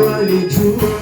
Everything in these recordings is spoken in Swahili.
万里途。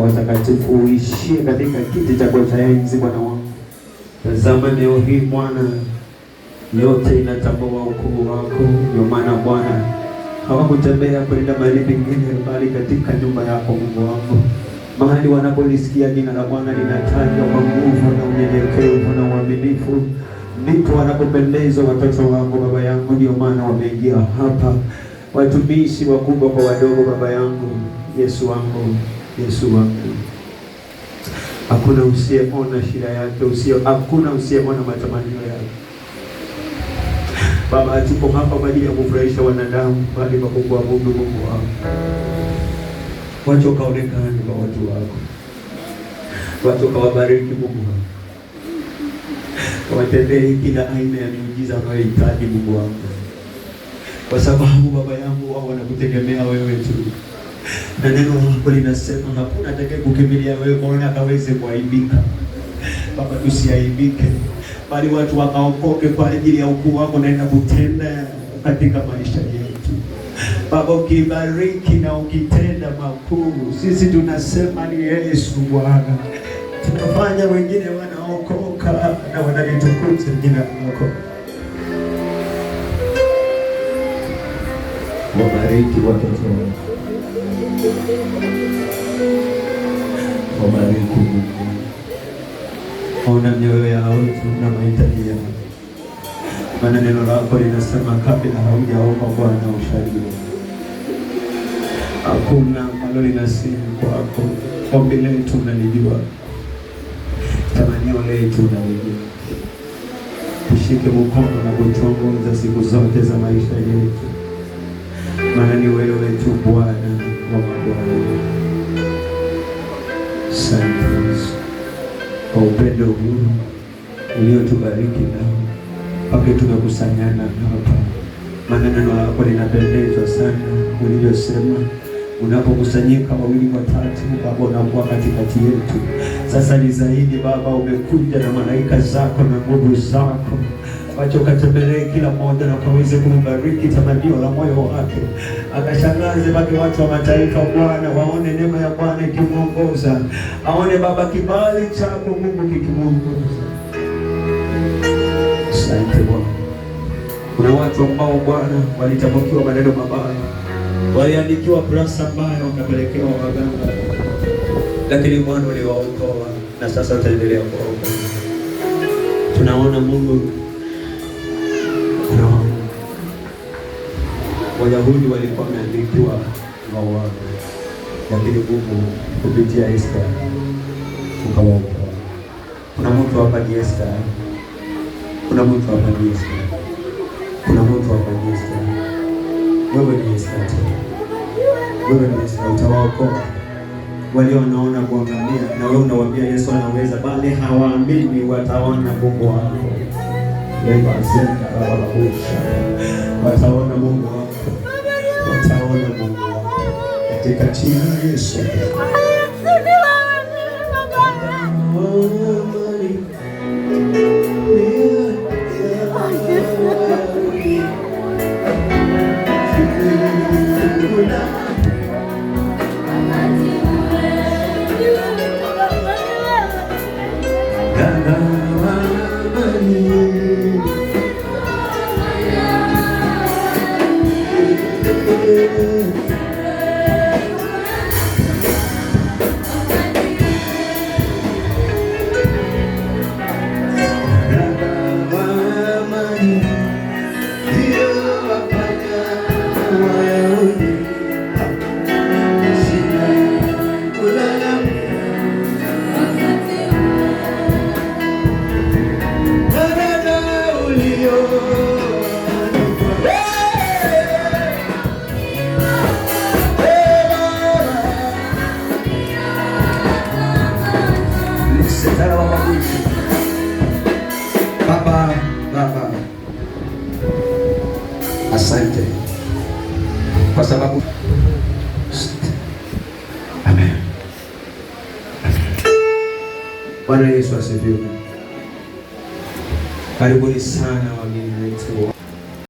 wa watakatifu uishie katika kiti cha enzi. Bwana wangu, tazama leo hii Bwana, yote inatambua ukuu wako. Ndio maana Bwana hawakutembea kwenda mahali pengine, bali katika nyumba yako Mungu wangu, mahali wanapolisikia jina la Bwana linatajwa kwa nguvu na unyenyekevu na uaminifu ndipo wanapopendezwa watoto wako Baba yangu. Ndio maana wameingia hapa, watumishi wakubwa kwa wadogo, Baba yangu Yesu wangu Yesu wangu. Hakuna usiyeona shida yake, usiye hakuna usiyeona matamanio yake. Baba, tuko hapa kwa ajili ya kufurahisha wanadamu, bali kwa kuabudu Mungu wako. Wacha kaonekane kwa watu wako, wacha kawabariki Mungu wako, watendee kila aina ya miujiza anayohitaji Mungu wako, kwa sababu baba yangu wao wanakutegemea wewe tu na neno lako linasema hakuna atakaye kukimbilia wewe maana akaweze kuaibika. Baba, tusiaibike, bali watu wakaokoke kwa ajili ya ukuu wako naenda kutenda katika maisha yetu. Baba, ukibariki na ukitenda makuu, sisi tunasema ni Yesu Bwana, tunafanya wengine wanaokoka na wanalitukuza jina lako. Wabariki watoto wako Wabariki Mungu, ona mioyo yao na mahitaji yao, maana neno lako linasema kabla haujaomba Bwana ushajua. Hakuna ambalo linasema kwako, ombi letu unalijua, tamanio letu unalijua. Ushike mkono na kutuongoza siku zote za maisha yetu maana ni wewe tu Bwana wa mabwana. Asante Yesu kwa upendo huu uliotubariki nao mpaka tumekusanyana hapa. Maana neno lako linapendezwa sana, ulivyosema unapokusanyika wawili watatu, Baba unakuwa katikati yetu. Sasa ni zaidi Baba, umekuja na malaika zako na nguvu zako wacha ukatembelee kila mmoja na kaweze kumbariki tamanio la moyo wake, akashangaze baki watu wa mataifa. Bwana waone neema ya Bwana ikimwongoza, aone Baba kibali chako Mungu kikimwongoza. Asante Bwana. Kuna watu ambao Bwana walitambukiwa maneno mabaya, waliandikiwa kurasa mbaya, wakapelekewa waganga, lakini Bwana uliwaokoa na sasa utaendelea kuwaokoa. Tunaona Mungu Wayahudi walikuwa wameandikiwa mauaji, lakini Mungu kupitia Esta ukawaokoa. Kuna mtu hapa ni Esta, kuna mtu hapa ni Esta, kuna mtu hapa ni Esta. Wewe ni Esta, wewe ni Esta, utawaokoa walio wanaona kuangamia, na wewe unawaambia Yesu anaweza, bali hawaamini, wataona Mungu wako, wataona Mungu wako. Katia Yesu. Thank you. Baba, Baba, asante kwa sababu Amen. Bwana Yesu asifiwe. Karibuni sana wageni wetu.